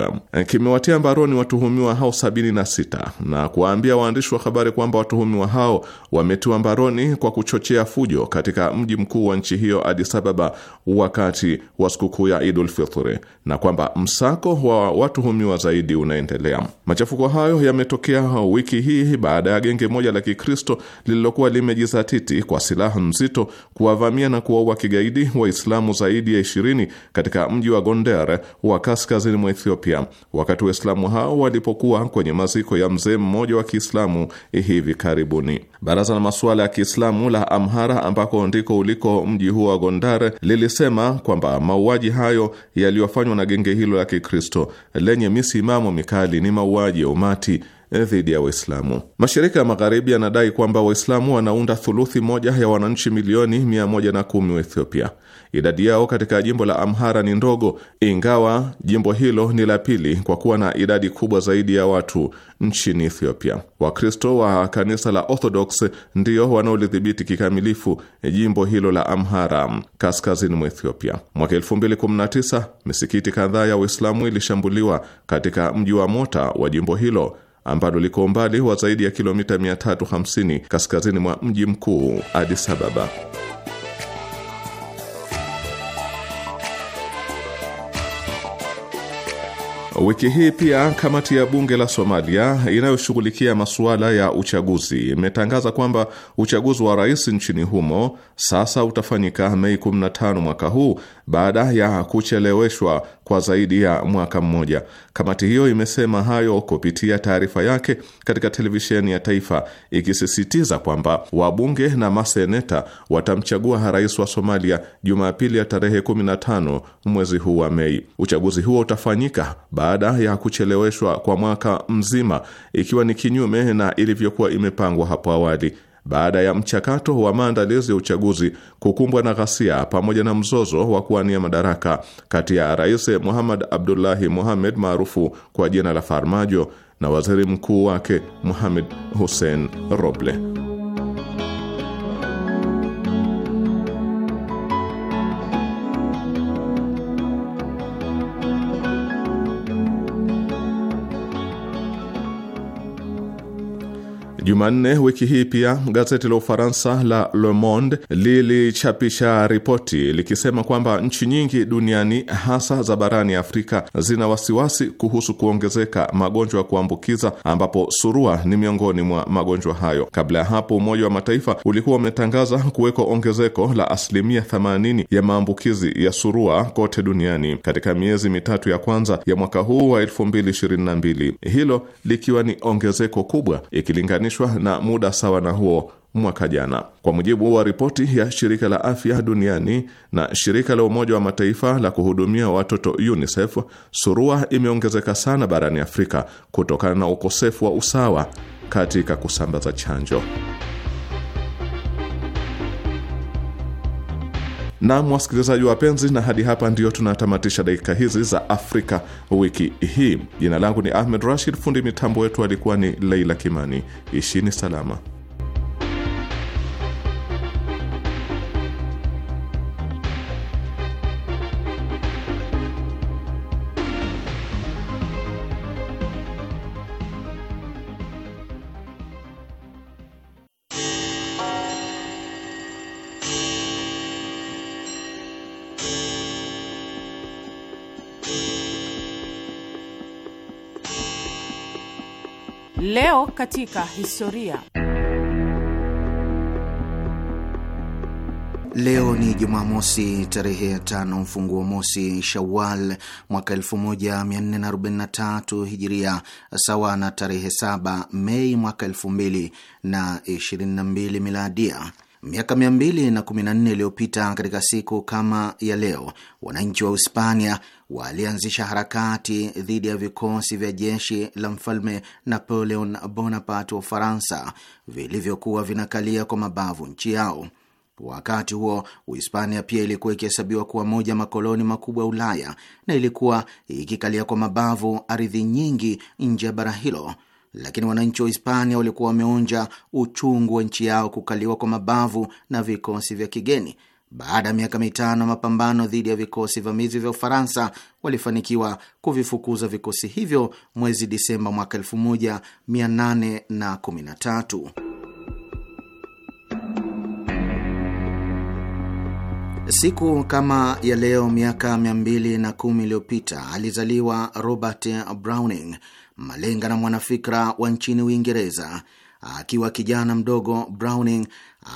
kimewatia mbaroni watuhumiwa hao 76 na kuwaambia waandishi wa habari kwamba watuhumiwa hao wametiwa mbaroni kwa kuchochea fujo katika mji mkuu wa nchi hiyo Addis Ababa wakati wa sikukuu ya Idul Fitri na kwamba msako wa watuhumiwa zaidi unaendelea. Machafuko hayo yametokea wiki hii baada ya genge moja la Kikristo lililokuwa limejizatiti kwa silaha nzito kuwavamia na kuwaua kigaidi Waislamu zaidi ya 20 katika mji wa Gondar wa kaskazini mwa Ethiopia wakati Waislamu hao walipokuwa kwenye maziko ya mzee mmoja wa Kiislamu hivi karibuni. Baraza la masuala ya Kiislamu la Amhara, ambako ndiko uliko mji huo wa Gondar, lilisema kwamba mauaji hayo yaliyofanywa na genge hilo la Kikristo lenye misimamo mikali ni mauaji ya umati eh, dhidi ya Waislamu. Mashirika ya magharibi yanadai kwamba Waislamu wanaunda thuluthi moja ya wananchi milioni 110 wa Ethiopia idadi yao katika jimbo la Amhara ni ndogo, ingawa jimbo hilo ni la pili kwa kuwa na idadi kubwa zaidi ya watu nchini Ethiopia. Wakristo wa kanisa la Orthodox ndio wanaolidhibiti kikamilifu jimbo hilo la Amhara kaskazini mwa Ethiopia. Mwaka 2019 misikiti kadhaa ya Uislamu ilishambuliwa katika mji wa Mota wa jimbo hilo ambalo liko umbali wa zaidi ya kilomita 350 kaskazini mwa mji mkuu Addis Ababa. Wiki hii pia kamati ya bunge la Somalia inayoshughulikia masuala ya uchaguzi imetangaza kwamba uchaguzi wa rais nchini humo sasa utafanyika Mei 15 mwaka huu baada ya kucheleweshwa kwa zaidi ya mwaka mmoja. Kamati hiyo imesema hayo kupitia taarifa yake katika televisheni ya taifa, ikisisitiza kwamba wabunge na maseneta watamchagua rais wa Somalia Jumapili ya tarehe 15 mwezi huu wa Mei. Uchaguzi huo utafanyika baada ya kucheleweshwa kwa mwaka mzima, ikiwa ni kinyume na ilivyokuwa imepangwa hapo awali baada ya mchakato wa maandalizi ya uchaguzi kukumbwa na ghasia pamoja na mzozo wa kuwania madaraka kati ya Rais Muhammad Abdullahi muhammed maarufu kwa jina la Farmajo na waziri mkuu wake muhamed Hussein Roble. Jumanne wiki hii pia gazeti la Ufaransa la Le Monde lilichapisha ripoti likisema kwamba nchi nyingi duniani hasa za barani Afrika zina wasiwasi kuhusu kuongezeka magonjwa ya kuambukiza ambapo surua ni miongoni mwa magonjwa hayo. Kabla ya hapo, Umoja wa Mataifa ulikuwa umetangaza kuwekwa ongezeko la asilimia 80 ya maambukizi ya surua kote duniani katika miezi mitatu ya kwanza ya mwaka huu wa 2022, hilo likiwa ni ongezeko kubwa ikilinganishwa kulinganishwa na muda sawa na huo mwaka jana. Kwa mujibu wa ripoti ya shirika la afya duniani na shirika la Umoja wa Mataifa la kuhudumia watoto UNICEF, surua imeongezeka sana barani Afrika kutokana na ukosefu wa usawa katika kusambaza chanjo. Naam, wasikilizaji wapenzi, na hadi hapa ndio tunatamatisha dakika hizi za Afrika wiki hii. Jina langu ni Ahmed Rashid, fundi mitambo wetu alikuwa ni Leila Kimani. Ishini salama. katika historia. Leo ni Jumamosi, tarehe ya tano mfunguo mosi Shawal mwaka 1443 Hijiria, sawa na tarehe 7 Mei mwaka 2022 Miladia. Miaka 214 iliyopita katika siku kama ya leo, wananchi wa Hispania walianzisha harakati dhidi ya vikosi vya jeshi la mfalme Napoleon Bonaparte wa Ufaransa vilivyokuwa vinakalia kwa mabavu nchi yao. Wakati huo Uhispania pia ilikuwa ikihesabiwa kuwa moja makoloni makubwa ya Ulaya na ilikuwa ikikalia kwa mabavu ardhi nyingi nje ya bara hilo, lakini wananchi wa Hispania walikuwa wameonja uchungu wa nchi yao kukaliwa kwa mabavu na vikosi vya kigeni baada ya miaka mitano mapambano dhidi ya vikosi vamizi vya Ufaransa, walifanikiwa kuvifukuza vikosi hivyo mwezi Disemba mwaka 1813. Siku kama ya leo miaka 210 iliyopita alizaliwa Robert Browning, malenga na mwanafikra wa nchini Uingereza. Akiwa kijana mdogo, Browning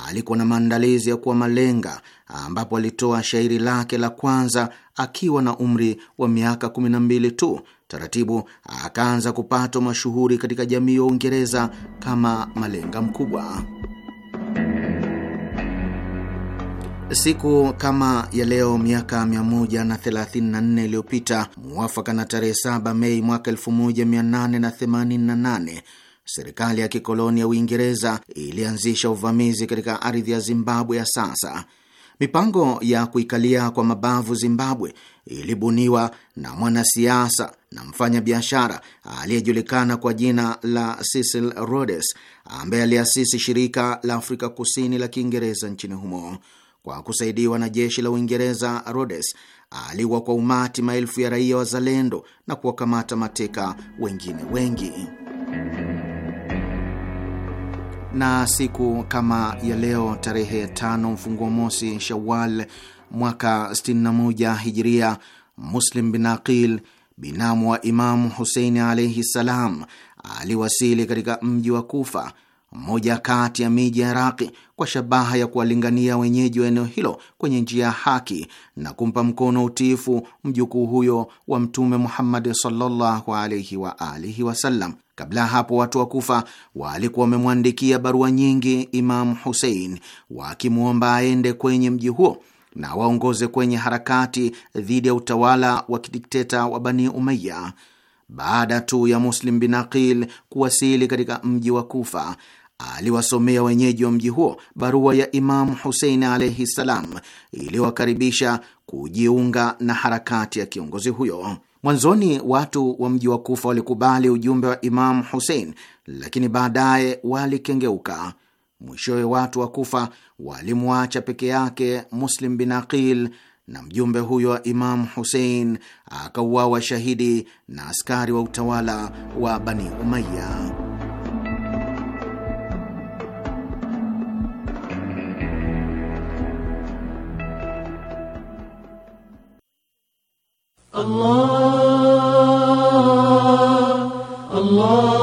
alikuwa na maandalizi ya kuwa malenga, ambapo alitoa shairi lake la kwanza akiwa na umri wa miaka 12 tu. Taratibu akaanza kupata mashuhuri katika jamii ya Uingereza kama malenga mkubwa. Siku kama ya leo miaka 134 iliyopita, muafaka na tarehe 7 Mei mwaka 1888 serikali ya kikoloni ya Uingereza ilianzisha uvamizi katika ardhi ya Zimbabwe ya sasa. Mipango ya kuikalia kwa mabavu Zimbabwe ilibuniwa na mwanasiasa na mfanyabiashara aliyejulikana kwa jina la Cecil Rhodes ambaye aliasisi shirika la Afrika Kusini la Kiingereza nchini humo. Kwa kusaidiwa na jeshi la Uingereza, Rhodes aliwa kwa umati maelfu ya raia wazalendo na kuwakamata mateka wengine wengi na siku kama ya leo tarehe tano mfunguo mosi Shawal mwaka 61 Hijiria, Muslim bin Aqil binamu wa Imamu Huseini alaihi ssalam aliwasili katika mji wa Kufa, mmoja kati ya miji ya Iraqi kwa shabaha ya kuwalingania wenyeji wa eneo hilo kwenye njia ya haki na kumpa mkono utiifu mjukuu huyo wa Mtume Muhammad sallallahu alaihi wa alihi wasallam. Kabla ya hapo watu wa Kufa walikuwa wamemwandikia barua nyingi Imamu Husein wakimwomba aende kwenye mji huo na waongoze kwenye harakati dhidi ya utawala wa kidikteta wa Bani Umayya. Baada tu ya Muslim bin Aqil kuwasili katika mji wa Kufa, aliwasomea wenyeji wa mji huo barua ya Imamu Husein alaihi ssalam iliyowakaribisha kujiunga na harakati ya kiongozi huyo. Mwanzoni watu wa mji wa Kufa walikubali ujumbe wa Imamu Husein, lakini baadaye walikengeuka. Mwishowe watu wa Kufa walimwacha peke yake Muslim bin Aqil, na mjumbe huyo wa Imamu Husein akauawa shahidi na askari wa utawala wa Bani Umaya. الله الله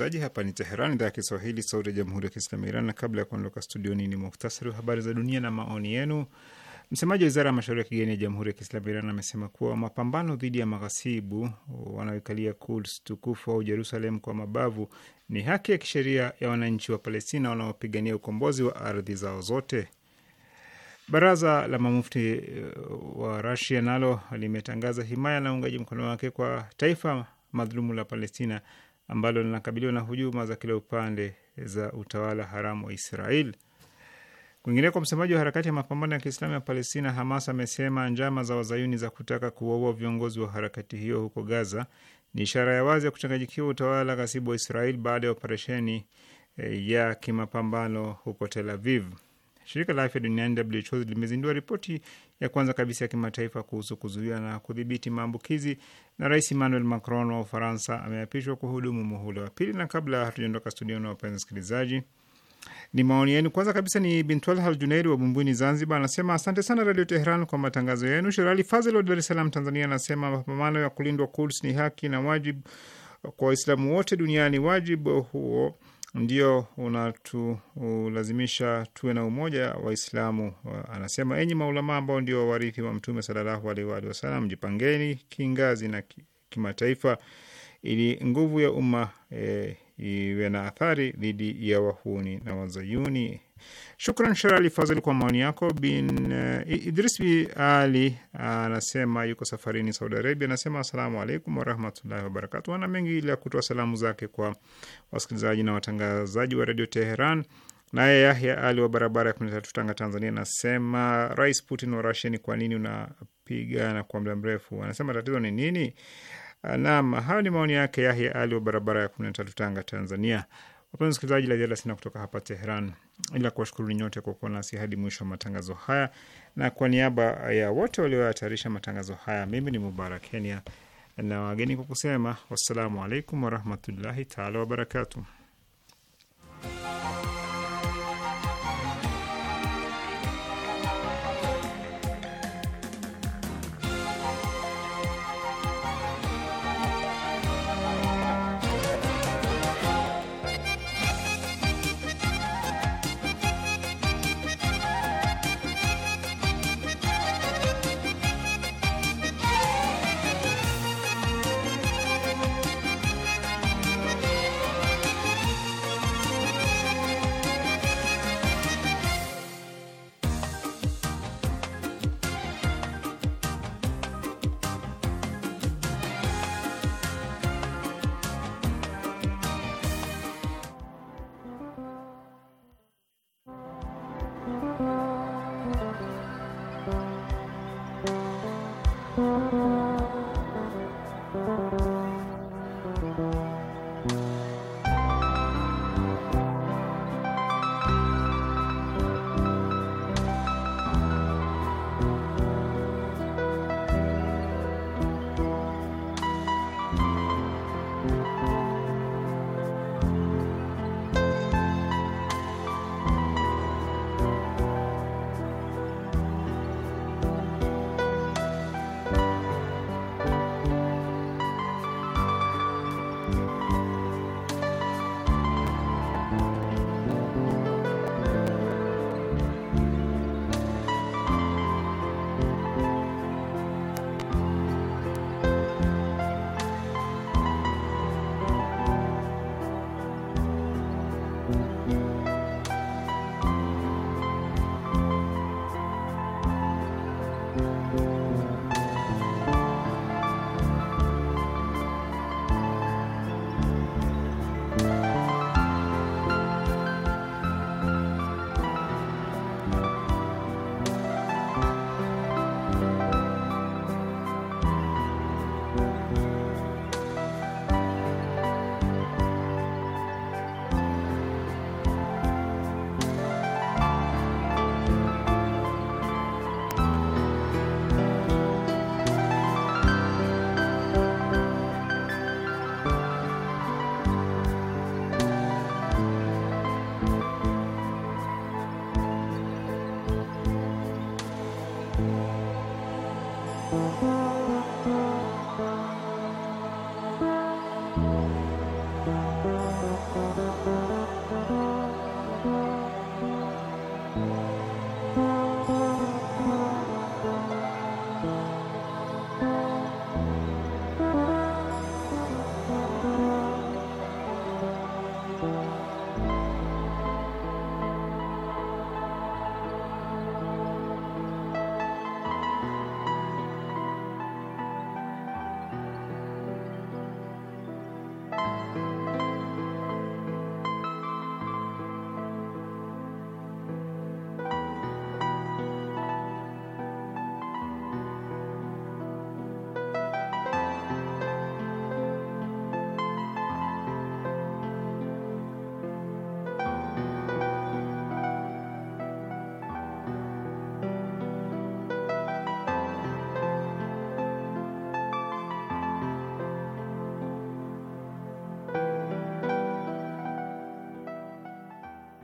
wasikilizaji, hapa ni Teheran, idhaa ya Kiswahili, sauti ya jamhuri ya kiislamu Iran. Na kabla ya kuondoka studioni, ni muhtasari wa habari za dunia na maoni yenu. Msemaji wa wizara ya mashauri ya kigeni ya jamhuri ya kiislamu Iran amesema kuwa mapambano dhidi ya maghasibu wanaoikalia Quds tukufu au Jerusalem kwa mabavu ni haki ya kisheria ya wananchi wa Palestina wanaopigania ukombozi wa ardhi zao zote. Baraza la mamufti uh, wa Rasia nalo limetangaza himaya na uungaji mkono wake kwa taifa madhulumu la Palestina ambalo linakabiliwa na hujuma za kila upande za utawala haramu wa Israel. Kwingineko, msemaji wa harakati ya mapambano ya Kiislamu ya Palestina, Hamas, amesema njama za wazayuni za kutaka kuwaua viongozi wa harakati hiyo huko Gaza ni ishara ya wazi ya kuchanganyikiwa utawala ghasibu wa Israel baada ya operesheni eh, ya kimapambano huko Tel Aviv. Shirika la afya duniani WHO limezindua ripoti ya kwanza kabisa ya kimataifa kuhusu kuzuia na kudhibiti maambukizi, na Rais Emmanuel Macron wa Ufaransa ameapishwa kuhudumu muhula wa pili. Na kabla hatujaondoka studio na wapenzi wasikilizaji, ni maoni yenu. Kwanza kabisa ni Bintwal Haljuneiri wa Bumbwini, Zanzibar, anasema asante sana Radio Teheran kwa matangazo yenu. Sherali Fazel wa Dar es Salaam, Tanzania, anasema mapambano ya kulindwa Quds ni haki na wajibu kwa Waislamu wote duniani. Wajibu huo ndio unatulazimisha tuwe na umoja Waislamu. Anasema, enyi maulamaa ambao ndio warithi wa Mtume sallallahu alaihi wa alihi wasallam, jipangeni kingazi na kimataifa ili nguvu ya umma e, iwe na athari dhidi ya wahuni na wazayuni. Shukran Sherali Fazil kwa maoni yako. Bin uh, Idris Bi Ali ah, anasema uh, yuko safarini Saudi Arabia. Anasema asalamu alaikum warahmatullahi wabarakatu. Ana mengi ili ya kutoa salamu zake kwa wasikilizaji na watangazaji wa redio Teheran. Naye Yahya Ali wa barabara ya kumi na tatu Tanga, Tanzania anasema Rais Putin wa Rusia, ni kwa nini unapigana kwa muda mrefu? Anasema tatizo ni nini? Ah, naam, hayo ni maoni yake Yahya Ali wa barabara ya kumi na tatu Tanga, Tanzania. Wapenzi msikilizaji, la ziada sina kutoka hapa Teheran ila kuwashukuruni nyote kwa kuwa nasi hadi mwisho wa matangazo haya, na kwa niaba ya wote walioyatayarisha matangazo haya, mimi ni Mubarak Kenya na wageni kwa kusema wassalamu alaikum warahmatullahi taala wabarakatu.